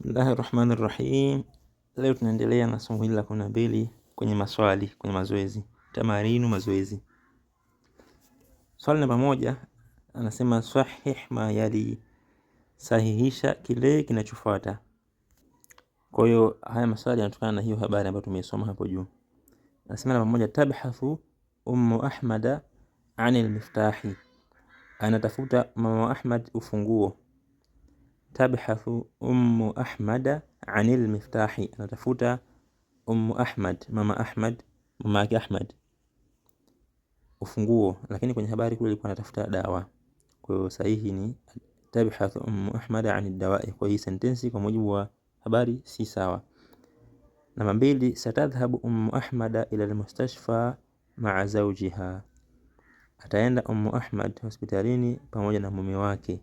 Bismillahi rahmani rahim. Leo tunaendelea na somo hili la kumi na mbili kwenye maswali, kwenye mazoezi tamarinu, mazoezi. Swali namba moja anasema sahih ma yali, sahihisha kile kinachofuata. Kwa hiyo haya maswali yanatokana na hiyo habari ambayo tumeisoma hapo juu. Anasema namba moja, tabhathu ummu ahmada anil miftahi, anatafuta mama Ahmad ufunguo Tabhathu ummu ahmada anil miftahi, anatafuta ummu Ahmad, mama Ahmad, mama yake Ahmad, ufunguo. Lakini kwenye habari kule ilikuwa anatafuta dawa. Kwa hiyo sahihi ni tabhathu ummu ahmad anid dawai. Kwa hii sentensi kwa mujibu wa habari si sawa. Namba mbili, satadhhabu ummu ahmada ila almustashfa maa zawjiha, ataenda ummu Ahmad hospitalini pamoja na mume wake.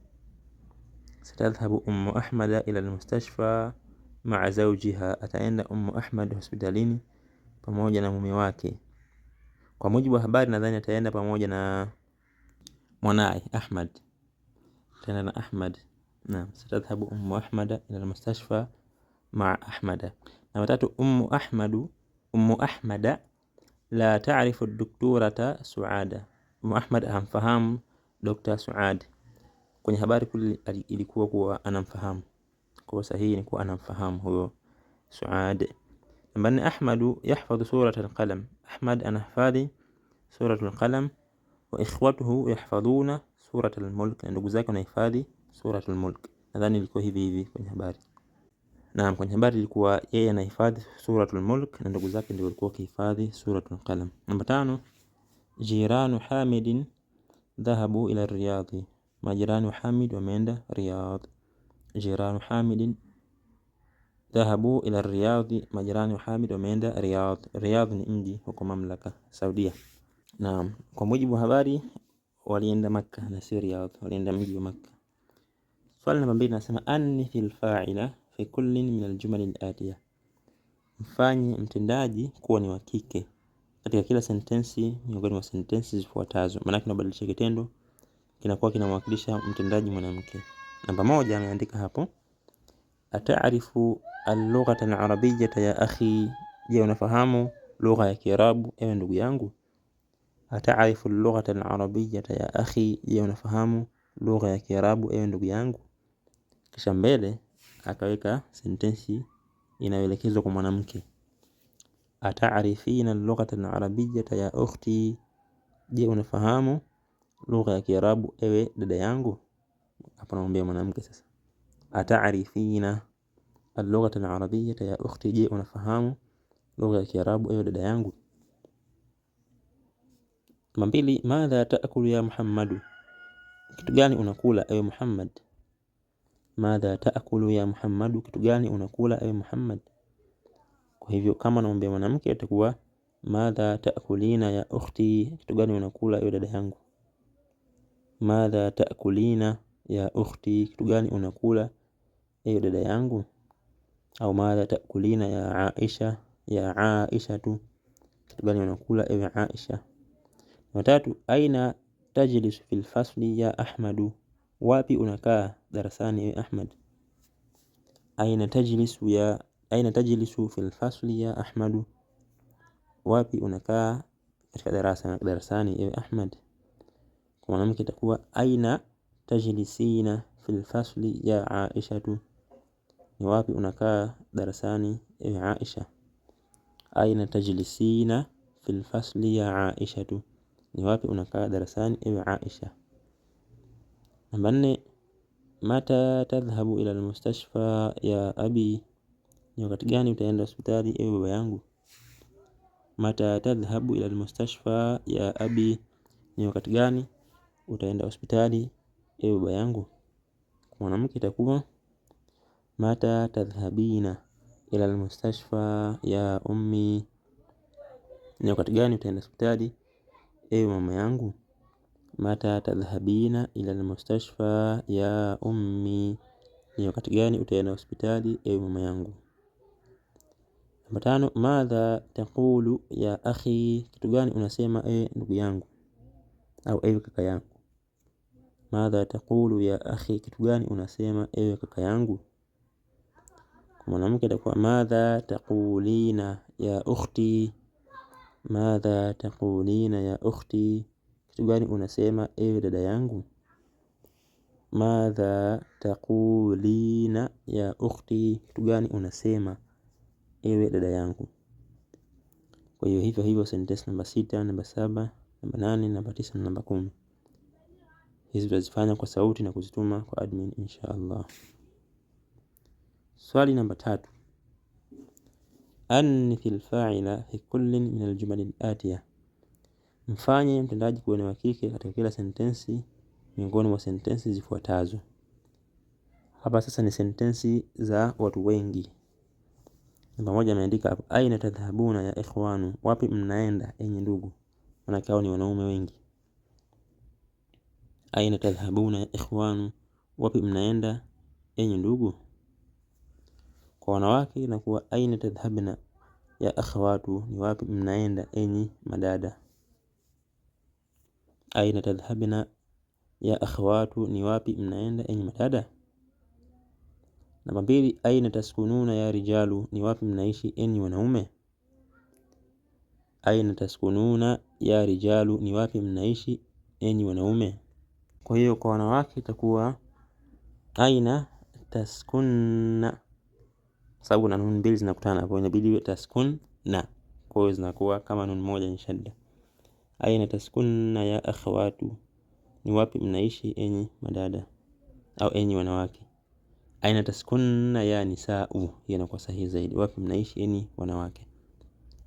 Satadhhabu Ummu Ahmada ila almustashfa maa zawjiha, ataenda Ummu Ahmad hospitalini pamoja na mume wake. Kwa mujibu wa habari, nadhani ataenda pamoja na mwanaye Ahmad, ataenda na Ahmad. Naam, satadhhabu Ummu Ahmada ila almustashfa maa Ahmada. Namba tatu, Ummu Ahmadu Ummu Ahmada la taarifu dukturata Suada, Ummu Ahmad hamfahamu Dr. Suad. Kwenye habari kule ilikuwa kuwa anamfahamu. Kwa sahihi ni kuwa anamfahamu huyo Suad. Namba nne, Ahmadu yahfadhu surat alqalam. Ahmad anahifadhi surat alqalam. Wa ikhwatuhu yahfadhuna surat almulk, na ndugu zake wanahifadhi surat almulk. Nadhani ilikuwa hivi hivi kwenye habari. Naam, kwenye habari ilikuwa yeye anahifadhi suratul mulk na ndugu zake ndio walikuwa wakihifadhi suratul qalam. Namba tano, jiranu Hamidin dhahabu ila Riyadhi majirani Hamid wameenda Riyadh. Jiranu Hamidin dhahabu ila Riyadh, majirani Hamid wameenda Riyadh. Riyadh ni mji huko mamlaka Saudia. Naam, kwa mujibu wa habari walienda Makka na si Riyadh, walienda mji wa Makka. Swali namba 2 nasema annithi alfa'ila fi kullin min aljumal alatiya, mfanye mtendaji kuwa ni wa kike katika kila sentensi miongoni mwa sentensi zifuatazo. Maana tunabadilisha kitendo kinakuwa kinamwakilisha mtendaji mwanamke. Namba moja ameandika hapo, atarifu allughata alarabiyata ya akhi, je, unafahamu lugha ya Kiarabu ewe ndugu yangu. Atarifu allughata alarabiyata ya akhi, je, unafahamu lugha ya Kiarabu ewe ndugu yangu. Kisha mbele akaweka sentensi inayoelekezwa kwa mwanamke, atarifina allughata alarabiyata ya ukhti, je, unafahamu lugha ya Kiarabu ewe dada yangu. Hapa namwambia mwanamke sasa, atarifina allughata alarabiyata ya ukhti, je unafahamu lugha ya Kiarabu ewe dada yangu. Namba mbili, madha taakulu ya Muhammadu, kitu gani unakula ewe Muhammad. Madha taakulu ya Muhammadu, kitu gani unakula ewe Muhammad. Kwa hivyo kama namwambia mwanamke atakuwa madha taakulina ya ukhti, kitu gani unakula ewe dada yangu. Madha takulina ya ukhti, kitu gani unakula ewe dada yangu? Au madha takulina ya Aisha, ya tu, kitu gani unakula ewe Aisha? Watatu, aina tajlis fil fasli ya Ahmadu, wapi unakaa darasani ewe Ahmad? Aina tajlisu ya aina tajlisu fil fasli ya Ahmadu, wapi unakaa katika darasani ewe Ahmad? kwa mwanamke itakuwa aina tajlisina fil fasli ya Aishatu, ni wapi unakaa darasani ewe Aisha. Aina tajlisina fil fasli ya Aishatu, ni wapi unakaa darasani ewe Aisha. Namba nne, mata tadhhabu ila almustashfa ya abi, ni wakati gani utaenda hospitali ewe baba yangu. Mata tadhhabu ila almustashfa ya abi, ni wakati gani utaenda hospitali, e baba yangu. mwanamke itakuwa mata tadhhabina ila almustashfa ya ummi, ni wakati gani utaenda hospitali, ewe mama yangu? Mata tadhhabina ila almustashfa ya ummi, ni wakati gani utaenda hospitali, ewe mama yangu? Namba tano, madha taqulu ya akhi, kitu gani unasema, ewe eh, ndugu yangu au ewe kaka yangu. Madha taqulu ya akhi, kitu gani unasema ewe kaka yangu? Kwa mwanamke atakuwa madha taqulina ya ukhti, madha taqulina ya ukhti, kitu gani unasema ewe dada yangu? Madha taqulina ya ukhti, kitu gani unasema ewe dada yangu? Kwa hiyo hivyo hivyo, sentensi namba sita, namba saba, namba nane, namba tisa na namba kumi. Hizi tutazifanya kwa sauti na kuzituma kwa admin inshaallah. Swali namba tatu, annithi alfa'ila fi kullin min aljumal alatiya, mfanye mtendaji kuwa ni wa kike katika kila sentensi miongoni mwa sentensi zifuatazo. Hapa sasa ni sentensi za watu wengi. Namba moja ameandika aina tadhhabuna ya ikhwanu, wapi mnaenda enyi ndugu? Maanake hao ni wanaume wengi aina tadhhabuna ya ikhwanu, wapi mnaenda enyi ndugu? Kwa wanawake inakuwa aina tadhhabna ya akhawatu, ni wapi mnaenda enyi madada? Aina tadhhabna ya akhawatu, ni wapi mnaenda enyi madada? Namba mbili, aina taskununa ya rijalu, ni wapi mnaishi enyi wanaume? Aina taskununa ya rijalu, ni wapi mnaishi enyi wanaume? Kwa hiyo kwa wanawake itakuwa aina taskunna, sababu na nun mbili zinakutana hapo, inabidi iwe taskunna. Kwa hiyo zinakuwa kama nun moja ni shadda. Aina taskunna ya akhawatu, ni wapi mnaishi enyi madada au enyi wanawake. Aina taskunna ya nisau, hiyo inakuwa sahihi zaidi, wapi mnaishi enyi wanawake.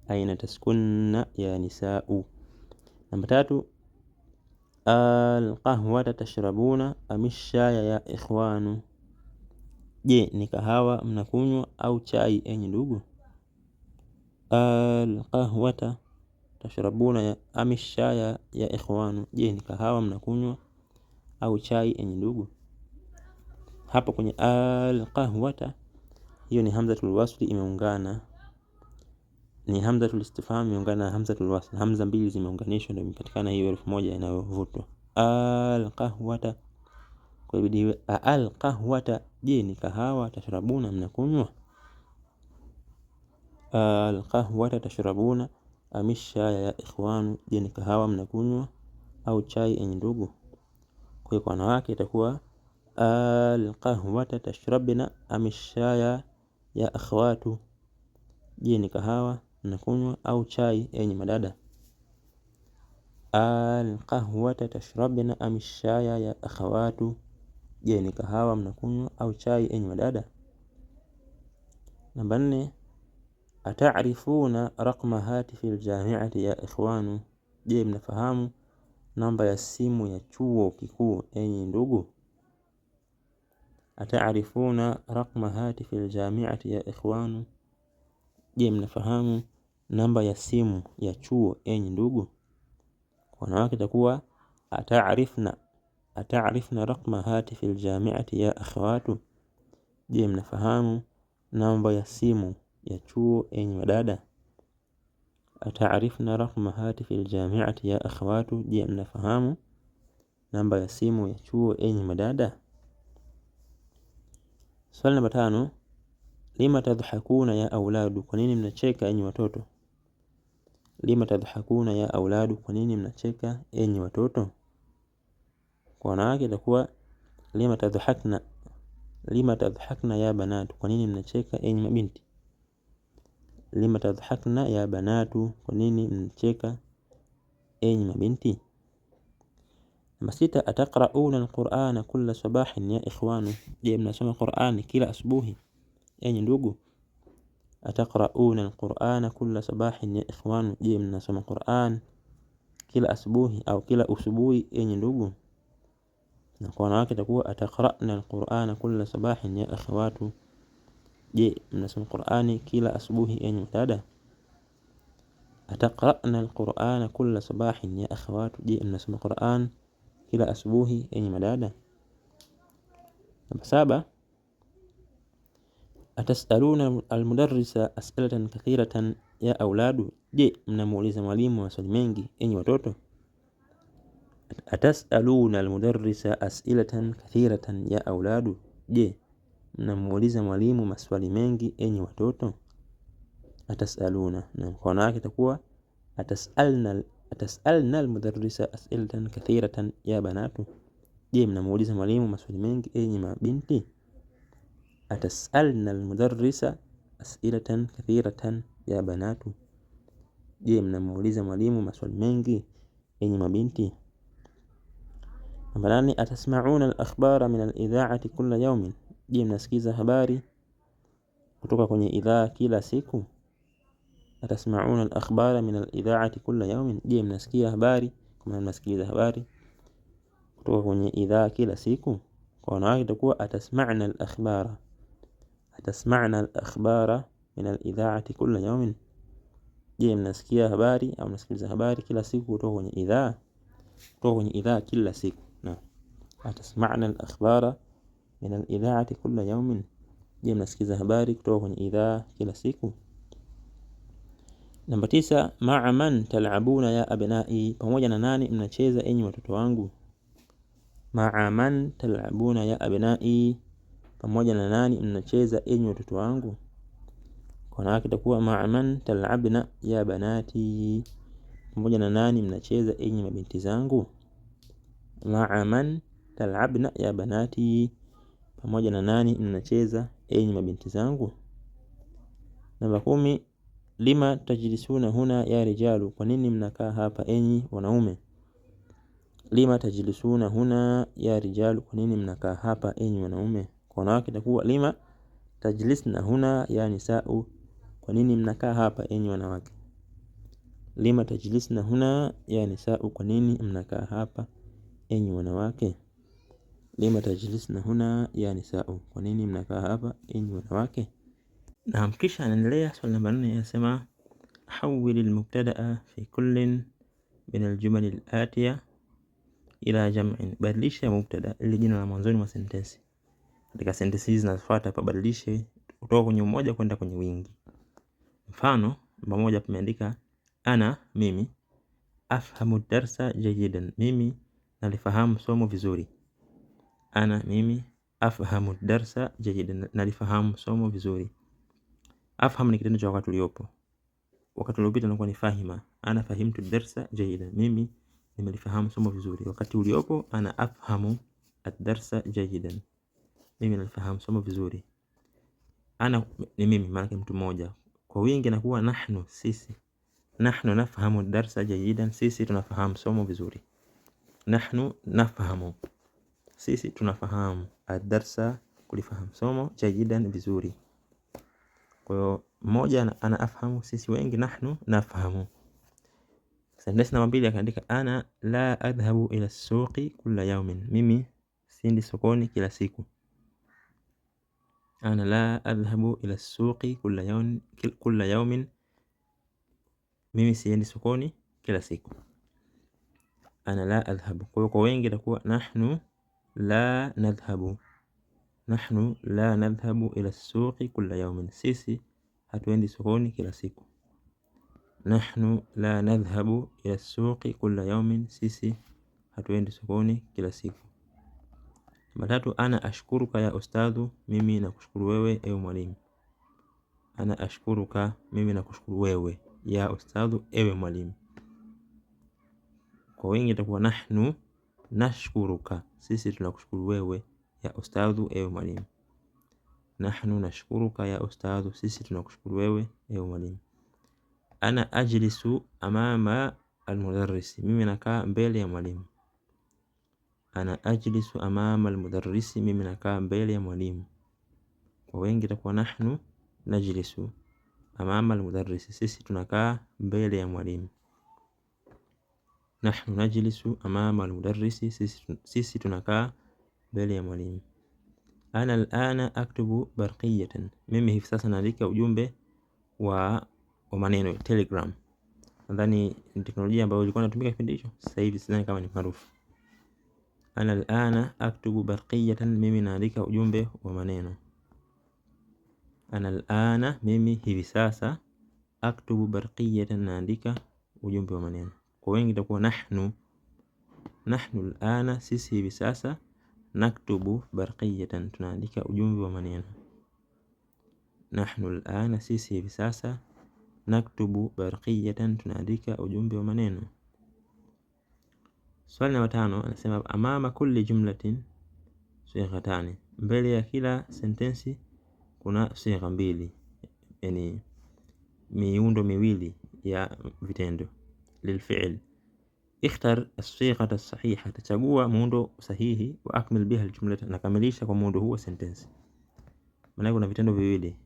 Aina taskunna ya nisau. Namba tatu Alqahwata tashrabuna amishaya ya ikhwanu, je ni kahawa mnakunywa au chai enyi ndugu? Alqahwata tashrabuna amishaya ya ikhwanu, je ni kahawa mnakunywa au chai enyi ndugu? Hapo kwenye alqahwata hiyo ni hamzatul wasli imeungana ni hamzatul istifham imeungana na hamzatul wasl. Hamza mbili zimeunganishwa ndio imepatikana hiyo herufi moja inayovutwa qahwata, Kwa ibidi hiyo qahwata. je ni kahawa? Tashrabuna, mnakunywa. Al qahwata tashrabuna Amisha ya ikhwanu, je ni kahawa mnakunywa au chai enye ndugu? Kwa hiyo kwa wanawake itakuwa al qahwata tashrabna amisha ya ikhwatu, je ni kahawa Unakunywa au chai, enyi madada? Alqahwata tashrabna am shaya ya akhawatu, je ni kahawa mnakunywa au chai enyi madada? Namba nne, atarifuna raqma hatifi ljamiati ya ikhwanu, je mnafahamu namba ya simu ya chuo kikuu enyi ndugu? Atarifuna raqma hatifi ljamiati ya ikhwanu Je, mnafahamu namba ya simu ya chuo enyi ndugu? Wanawake itakuwa ataarifna ataarifna raqma hatifi aljamiati ya akhawatu. Je, mnafahamu namba ya simu ya chuo enyi wadada? Ataarifna rakma hatifi aljamiati ya akhawatu. Je, mnafahamu namba ya simu ya chuo enyi madada? Swali namba tano lima tadhakuna ya auladu, kwa nini mnacheka enyi watoto? Lima tadhakuna ya auladu, kwa nini mnacheka enyi watoto? Kwa wanawake itakuwa lima tadhakna, lima tadhakna ya banatu, kwa nini mnacheka enyi mabinti? Lima tadhakna ya banatu, kwa nini mnacheka enyi mabinti? Namba sita, ataqrauna alqur'ana kulla sabahin ya ikhwanu, je, mnasoma Qur'ani kila asubuhi? enyi ndugu atakrauna alqur'ana kulla sabahin ya ikhwanu je mnasoma Qur'an kila asubuhi au kila usubuhi enyi ndugu na kwa wanawake itakuwa atakrana alqur'ana kulla sabahin ya akhawatu je mnasoma Qur'ani kila asubuhi enyi dada atakrana alqur'ana kulla sabahin ya akhawatu je mnasoma Qur'an kila asubuhi enyi madada namba saba Atasaluna almudarrisa as'alatan kathiratan ya auladu, je mnamuuliza mwalimu maswali mengi enyi watoto. Atasaluna almudarrisa as'alatan kathiratan ya auladu, je mnamuuliza mwalimu maswali mengi enyi watoto. Atasaluna na mkono wake itakuwa atasalna atasalna almudarrisa as'alatan kathiratan ya banatu, je mnamuuliza mwalimu maswali mengi enyi mabinti. أتسألن المدرسة أسئلة كثيرة يا بنات Je mnamuuliza mwalimu maswali mengi enyi mabinti namba nane atasmauna alakhbara min alidhaati kula yaumin Je mnasikiza habari kutoka kwenye idhaa kila siku atasmauna alakhbara min alidhaati kula yaumin Je mnasikia habari kwa maana mnasikiliza habari kutoka kwenye idhaa kila siku kwa wanawake itakuwa atasma'na alakhbara atasma'na alakhbara min alidhaati idhaati kulla yawmin, je, mnasikia habari au mnasikiliza habari kila siku kutoka kwenye idhaa? Kutoka kwenye idhaa kila siku. Na atasma'na al min al kulla yawmin, je, mnasikiliza habari kutoka kwenye idhaa kila siku? Namba tisa, ma'a man tal'abuna ya abnai, pamoja na nani mnacheza enyi watoto wangu? Ma'a man tal'abuna ya abnai pamoja na nani mnacheza enyi watoto wangu? Kwa wanawake itakuwa maa man talabna ya banati, pamoja na nani mnacheza enyi mabinti zangu? Maa man talabna ya banati, pamoja na nani mnacheza enyi mabinti zangu? Namba kumi. Lima tajlisuna huna ya rijalu, kwa nini mnakaa hapa enyi wanaume? Lima tajlisuna huna ya rijalu, kwa nini mnakaa hapa enyi wanaume? wanawake itakuwa lima tajlisna huna ya nisau, kwa nini mnakaa hapa enyi wanawake? Lima tajlisna huna ya nisau, kwa nini mnakaa hapa enyi wanawake? Lima tajlisna huna ya nisau, kwa nini mnakaa hapa enyi wanawake? Na kisha anaendelea swali namba 4 yasema hawil almubtadaa fi kullin min aljumal alatiya ila jam'in, badilisha mubtada ili jina la mwanzoni mwa sentensi katika sentensi hizi zinazofuata pabadilishe kutoka kwenye umoja kwenda kwenye wingi. Mfano, namba moja tumeandika ana mimi afhamu darsa jayidan, mimi nalifahamu somo vizuri. Ana mimi afhamu darsa jayidan, nalifahamu somo vizuri. Afhamu ni kitendo cha wakati uliopo, wakati uliopita unakuwa ni fahima. Ana fahimtu darsa jayidan, mimi nimelifahamu somo vizuri. Wakati uliopo, ana afhamu ad darsa jayidan mimi nalifahamu somo vizuri. Ana ni mimi maanake mtu mmoja. Kwa wingi inakuwa nahnu sisi. Nahnu nafahamu darsa jayidan, sisi tunafahamu somo vizuri. Nahnu nafahamu, sisi tunafahamu adarsa, kulifahamu somo jayidan, vizuri. Kwa hiyo mmoja anafahamu, sisi wengi nahnu nafahamu. Sentensi namba mbili akaandika ana la adhhabu ila suqi kulla yawmin, mimi siendi sokoni kila siku ana la adhhabu ila suqi kulla yaumin, mimi siendi sokoni kila siku. Ana la adhhabu. Kwa hiyo kwa wengi itakuwa nahnu la nadhhabu, nahnu la nadhhabu ila suqi kulla yaumin, sisi hatuendi sokoni kila siku. Nahnu la nadhhabu ila suqi kulla yaumin, sisi hatuendi sokoni kila siku. Matatu, ana ashkuruka ya ustadhu, mimi kushukuru wewe ewe mwalimu. Ana ashkuruka, mimi kushukuru wewe, ya ustadhu, ewe mwalimu. Kwa wengi itakuwa nahnu nashkuruka, sisi tunakushukuru wewe, ya ustadhu, ewe mwalimu. Nahnu nashkuruka ya ustadhu, sisi tunakushukuru wewe, ewe mwalimu. Ana ajlisu amama almudarrisi, mimi nakaa mbele ya mwalimu ana ajlisu amama almudarrisi, mimi nakaa mbele ya mwalimu. Kwa wengi itakuwa nahnu najlisu amama almudarrisi, sisi tunakaa mbele ya mwalimu. Nahnu najlisu amama almudarrisi, sisi tunakaa mbele ya mwalimu. Ana alana aktubu barqiyatan, mimi hivi sasa naandika ujumbe wa, wa maneno Telegram. Nadhani ni teknolojia ambayo ilikuwa inatumika kipindi hicho, sasa hivi sidhani kama ni maarufu ana alana aktubu barqiyatan, mimi naandika ujumbe wa maneno. Ana alana, mimi hivi sasa. Aktubu barqiyatan, naandika ujumbe wa maneno. Kwa wengi itakuwa nahnu, nahnu alana, sisi hivi sasa. Naktubu barqiyatan, tunaandika ujumbe wa maneno. Nahnu alana, sisi hivi sasa. Naktubu barqiyatan, tunaandika ujumbe wa maneno. Swali namba tano anasema amama kulli jumlatin sighatani, mbele ya kila sentensi kuna sigha mbili, yani miundo miwili ya vitendo lilfi'l. Ikhtar as-sigha as-sahiha, tachagua muundo sahihi. Wa akmil biha al-jumlata, nakamilisha kwa muundo huo sentensi. Maana kuna vitendo viwili,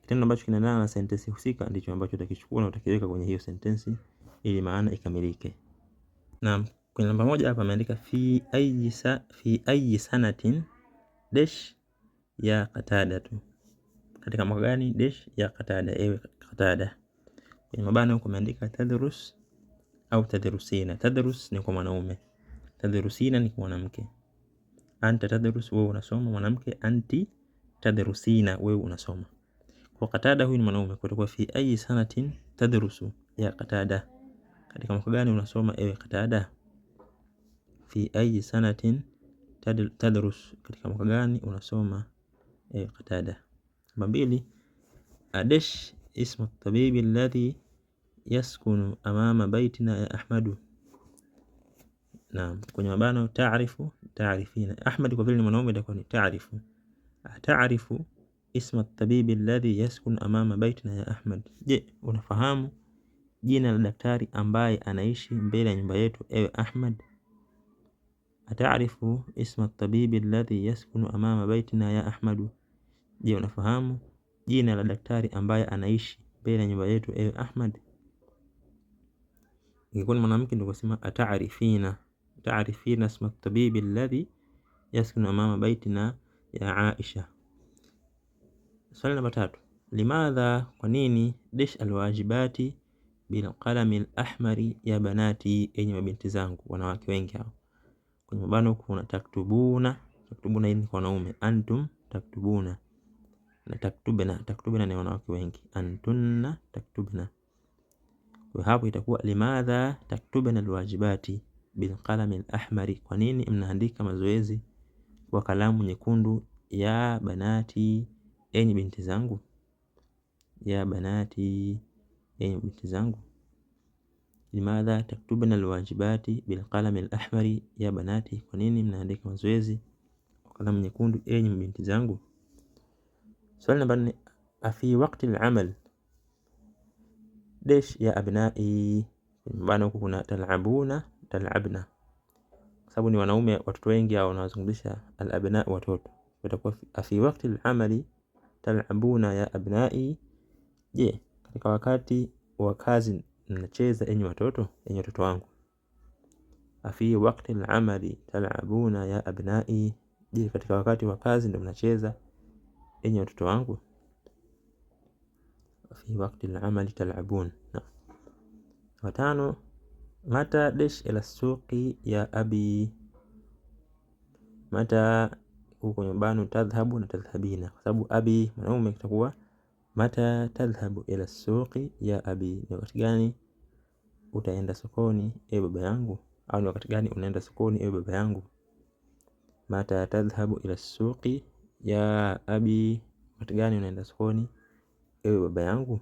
kitendo ambacho kinaendana na sentensi husika ndicho ambacho utakichukua na utakiweka kwenye hiyo sentensi ili maana ikamilike. Naam. Kwenye namba moja hapa ameandika fi ayi sa, fi ayi sanatin dash ya Qatada tu, katika mwaka gani dash ya Qatada, ewe Qatada. Kwenye mabano huko ameandika tadrus au tadrusina. Tadrus ni kwa mwanaume, tadrusina ni kwa mwanamke. Anta tadrus, wewe unasoma. Mwanamke anti tadrusina, wewe unasoma. Kwa Qatada huyu ni mwanaume, kutakuwa fi ayi sanatin tadrusu ya Qatada, katika mwaka gani unasoma ewe Qatada fi ayi sanatin tadrus, katika mwaka gani unasoma? E, Qatada. Namba mbili, adesh ismu tabibi alladhi yaskunu amama baitina ya Ahmadu. Naam, kwenye mabano taarifu, taarifina. Ahmad kwa vile ni mwanaume itakuwa ni taarifu. Taarifu isma tabibi alladhi yaskunu amama baitina ya Ahmad. Je, unafahamu jina la daktari ambaye anaishi mbele ya nyumba yetu, ewe Ahmad? Atarifu isma tabibi alladhi yaskunu amama baitina ya Ahmadu? Je, unafahamu jina la daktari ambaye anaishi mbele ya nyumba yetu ewe Ahmad? Ingekuwa ni mwanamke ndio kusema atarifina, atarifina isma tabibi alladhi yaskunu amama baitina ya Aisha. Swali namba tatu, limadha, kwa nini dish alwajibati bilqalami alahmari ya banati, enye mabinti zangu, wanawake wengi hao kwenye mabano kuna taktubuna, taktubuna hii ni kwa wanaume, antum taktubuna na taktubna, taktubna ni wanawake wengi, antunna taktubna. Kwa hapo itakuwa limadha taktubna alwajibati al ahmari kwa nini mnaandika mazoezi kwa kalamu nyekundu? Ya banati, enyi binti zangu, ya banati, enyi binti zangu. Limadha taktubna alwajibati bilqalami alahmari ya banati, kwa nini mnaandika mazoezi kwa kalamu nyekundu enyi mabinti zangu? Swali namba nne, afi wakti alamal dash ya abnai, maana huku kuna talabuna talabna, kwa sababu ni wanaume watoto wengi hao wanazungumzisha alabna watoto, itakuwa afi wakti alamali talabuna ya abnai, je katika wakati wa kazi mnacheza enyi watoto, enyi watoto wangu. Afi wakti al-amali talabuna ya abnai, je, katika wakati wa kazi ndio mnacheza enyi watoto wangu? Afi waqti al-amali talabun. Watano, mata dish ila suqi ya abi. Mata huko nyumbani tadhhabu na tadhhabina, kwa sababu abi mwanaume kitakuwa mata tadhhabu ila suqi ya abi, ni wakati gani utaenda sokoni e baba yangu? Au ni wakati gani unaenda sokoni e baba yangu? Mata tadhhabu ila suqi ya abi, wakati gani unaenda sokoni ewe baba yangu?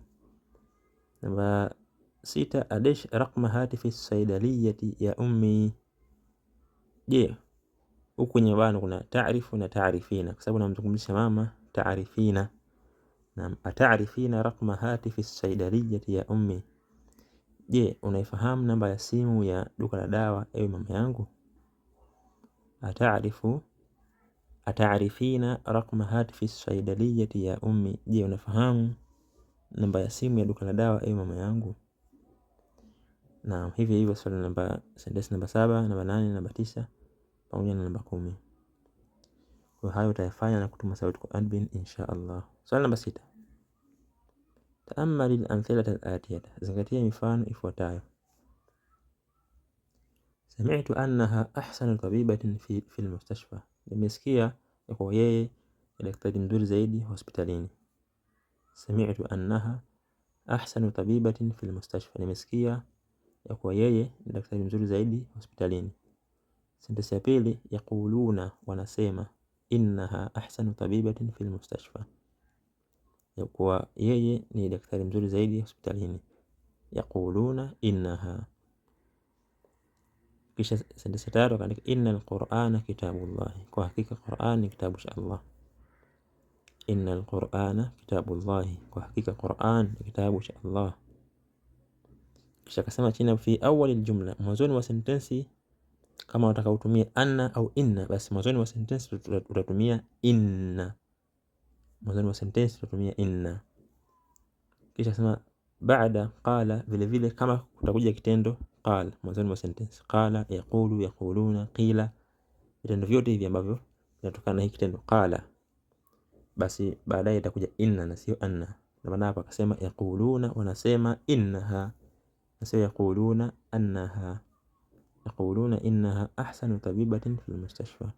Namba sita, adish raqma hatifi saidaliyati ya ummi. Je, huku kwenye bano kuna taarifu na taarifina, kwa sababu namzungumzisha mama taarifina. Naam, atarifina raqma hatifi saidaliyati ya ummi Je, unaifahamu namba ya simu ya duka la dawa ewe mama yangu? Ataarifu ataarifina rakma hatfi saidaliyati ya ummi, je unafahamu namba ya simu ya duka la dawa ewe mama yangu? Naam, hivyo hivyo swali namba sentensi namba saba, namba nane, namba tisa pamoja na namba kumi. Kwa hayo utayafanya na kutuma sauti kwa admin insha Allah. Swali namba sita. تأمل الأمثلة الآتية zingatia mifano ifuatayo. Sami'tu annaha ahsanu tabibatin fi fil mustashfa, nimesikia ya kuwa yeye ni daktari mzuri zaidi hospitalini. Sami'tu annaha ahsanu tabibatin fil mustashfa, nimesikia ya kuwa yeye ni daktari mzuri zaidi hospitalini. Sentensi ya pili, yaquluna, wanasema innaha ahsanu tabibatin fil mustashfa ya kuwa yeye ni daktari mzuri zaidi hospitalini. Yaquluna innaha. Kisha sentensi tatu akaandika innal qur'ana kitabullahi, kwa hakika Qur'an ni kitabu cha Allah. Innal qur'ana kitabullahi, kwa hakika Qur'an ni kitabu cha Allah. Kisha akasema chini, fi awali aljumla, mwanzoni wa sentensi. Kama unataka utumie anna au inna, basi mwanzoni wa sentensi utatumia inna mwanzoni mwa sentensi tutatumia inna. Kisha sema baada qala, vile vile kama kutakuja kitendo qala mwanzoni mwa sentensi, qala, yaqulu, yaquluna, qila, vitendo vyote hivi ambavyo vinatokana na hiki kitendo qala, basi baadaye itakuja inna na sio anna. Na maana hapa akasema yaquluna, wanasema innaha na sio yaquluna annaha. Yaquluna innaha ahsanu tabibatin fil mustashfa.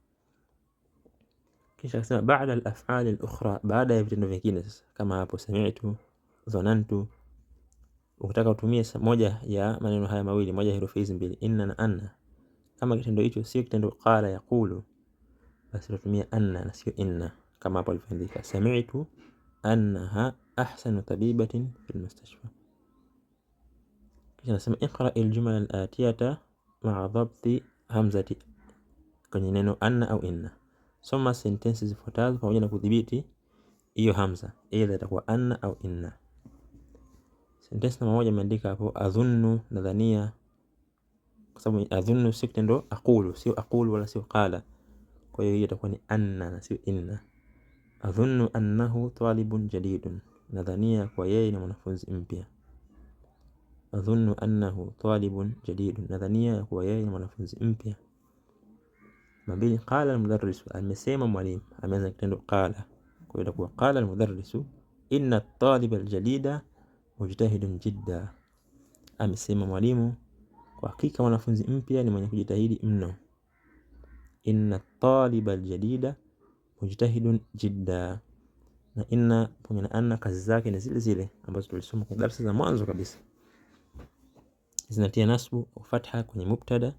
Kisha akasema baada al-af'ali baada ya vitendo vingine. Sasa kama hapo sami'tu, dhanantu, ukitaka utumie moja ya maneno haya mawili, moja herufi hizi mbili, inna na anna. Kama kitendo hicho sio kitendo qala yaqulu, basi utatumia anna na sio inna, kama hapo alivyoandika sami'tu annaha ahsanu tabibatin fil mustashfa. Kisha nasema iqra al-jumla al-atiyata ma'a dhabti hamzati kwenye neno anna au inna. Soma sentensi zifuatazo pamoja na kudhibiti hiyo hamza, aidha itakuwa anna au inna. Sentensi namba moja imeandika hapo adhunnu, nadhania, kwa sababu adhunnu si kitendo aqulu, sio aqulu wala sio qala. Kwa hiyo hiyo itakuwa ni anna na sio inna. Adhunnu annahu talibun jadidun, nadhania kwa yeye ni mwanafunzi mpya. Adhunnu annahu talibun jadidun, nadhania kwa yeye ni mwanafunzi mpya mbili, qala almudarrisu, amesema mwalimu. Ameanza kitendo qala, kwa hiyo itakuwa qala almudarrisu inna taliba aljadida mujtahidun jidda, amesema mwalimu, kwa hakika mwanafunzi mpya ni mwenye kujitahidi mno. Inna taliba aljadida mujtahidun jidda, na inna pamoja na anna kazi zake ni zile zile ambazo tulisoma kwenye darasa za mwanzo kabisa, zinatia nasbu au fatha kwenye mubtada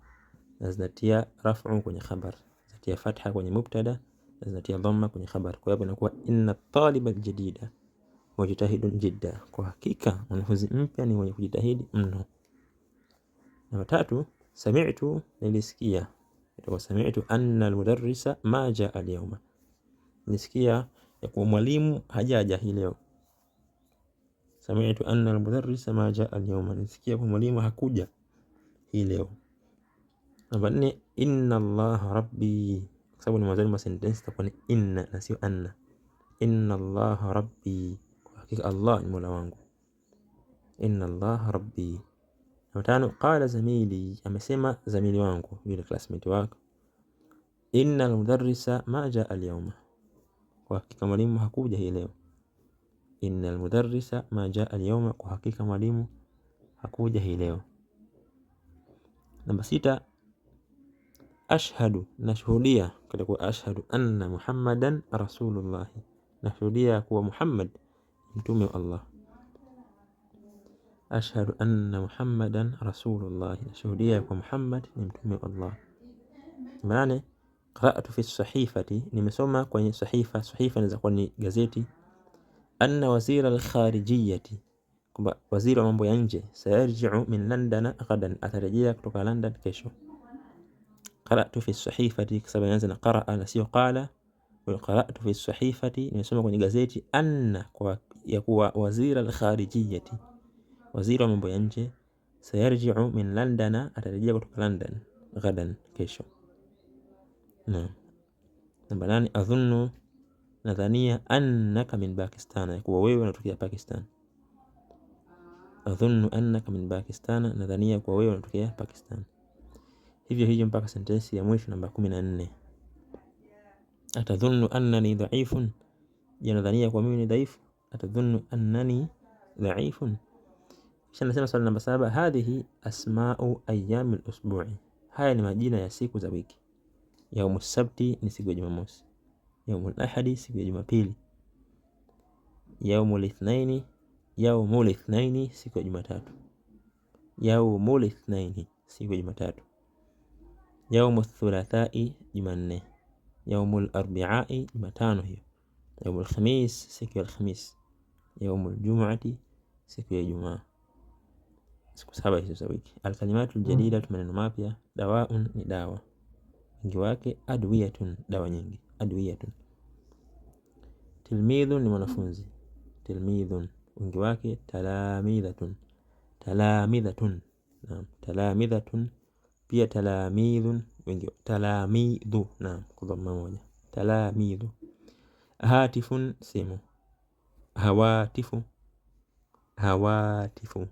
na zinatia raf'u kwenye khabar, zinatia fatha kwenye mubtada na zinatia dhamma kwenye khabar. Kwa hivyo inakuwa inna taliba aljadida mujtahidun jidda, kwa hakika mwanafunzi mpya ni mwenye kujitahidi mno. Namba tatu, sami'tu, nilisikia. Itakuwa sami'tu anna almudarrisa ma jaa alyawma, nilisikia ya kuwa mwalimu hajaja hii leo. Sami'tu anna almudarrisa ma jaa alyawma, nilisikia kwa mwalimu hakuja hii leo. Namba nne, inna allaha rabbi, kwa sababu ni mwanzoni mwa sentensi itakuwa ni inna na sio anna. Inna allaha rabbi, kwa hakika Allah ni mola wangu. Inna allaha rabbi. Namba tano, qala zamili, amesema zamili wangu yule classmate wako. Inna almudarrisa ma jaa alyawma, kwa hakika mwalimu hakuja hii leo. Inna almudarrisa ma jaa alyawma, kwa hakika mwalimu hakuja hii leo. Namba sita ashhadu, nashuhudia katika ashhadu anna muhammadan rasulullah, nashuhudia kuwa Muhammad mtume wa Allah. Ashhadu anna muhammadan rasulullah, nashuhudia kuwa Muhammad ni mtume wa Allah. Maana qara'tu fi sahifati, nimesoma kwenye sahifa. Sahifa inaweza kuwa ni gazeti. Anna wazira alkharijiyati kwamba waziri wa mambo ya nje sayarji'u min London ghadan, atarejea kutoka London kesho qara'tu fi sahifati, kwa sababu inaanza na qaraa na sio qala. qara'tu fi sahifati, nimesoma kwenye gazeti, anna kwa ya kuwa waziri al waziri wa mambo ya nje, sayarji'u min London, atarejea kutoka London ghadan, kesho. Naam, namba nane, adhunnu, nadhania, annaka min Pakistan, ya kuwa wewe unatokea Pakistan. Adhunnu annaka min Pakistan, nadhania kuwa wewe unatokea Pakistan hivyo hivyo mpaka sentensi ya mwisho namba kumi na nne. Atadhunnu annani dhaifun, je, nadhania kwa mimi ni dhaifu. Atadhunnu annani dhaifun. Kisha nasema swali namba saba, hadhihi asmau ayami lusbui, haya ni majina ya siku za wiki. Yaumu sabti ni siku ya Jumamosi, yaumu lahadi siku ya Jumapili, yaumu lithnaini yaumulithnaini siku ya Jumatatu, yaumulithnaini siku ya Jumatatu. Yaumu thulathai Jumanne, yaumu larbiai Jumatano hiyo, yaumul khamis siku ya Alhamis, yaumul jumuati siku ya Ijumaa. Siku saba hizo za wiki. Alkalimatu ljadida, mm. maneno mapya. Dawaun ni dawa, wingi wake adwiyatun, dawa nyingi. Adwiyatun. Tilmidhun ni mwanafunzi, tilmidhun wingi wake talamidhatun. Talamidhatun, naam, talamidhatun pia talamidhun wengi talamidhu na kudhamma moja talamidhu. Hatifun simu. Hawatifu hawatifu.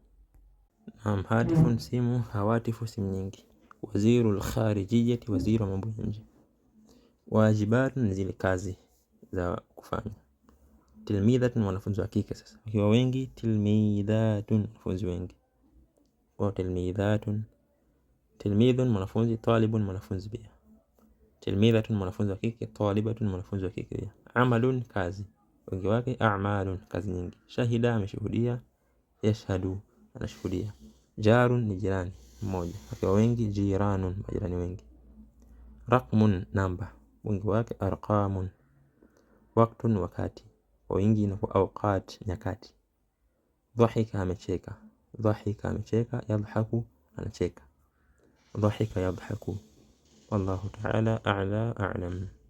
Naam, hatifun simu, hawatifu simu nyingi. Waziru lkharijiyati, waziru wa mambo ya nje. Wajibatun ni zile kazi za kufanya. Tilmidhatun, wanafunzi wa kike. Sasa wakiwa wengi, tilmidhatun, wanafunzi wengi wao tilmidhatun Tilmidhun mwanafunzi, talibun mwanafunzi pia. Tilmidhatun mwanafunzi wa kike, talibatun mwanafunzi wa kike pia. Amalun kazi, wengi wake a'malun, kazi nyingi. Shahida ameshuhudia, yashhadu anashuhudia. Jarun ni jirani mmoja, wakiwa wengi jiranun, majirani wengi. Raqmun namba, wengi wake arqamun. waqtun wakati, kwa wingi inakuwa awqat, nyakati. Dhahika amecheka, dhahika amecheka, yadhaku anacheka. ضحك يضحك والله تعالى أعلى أعلم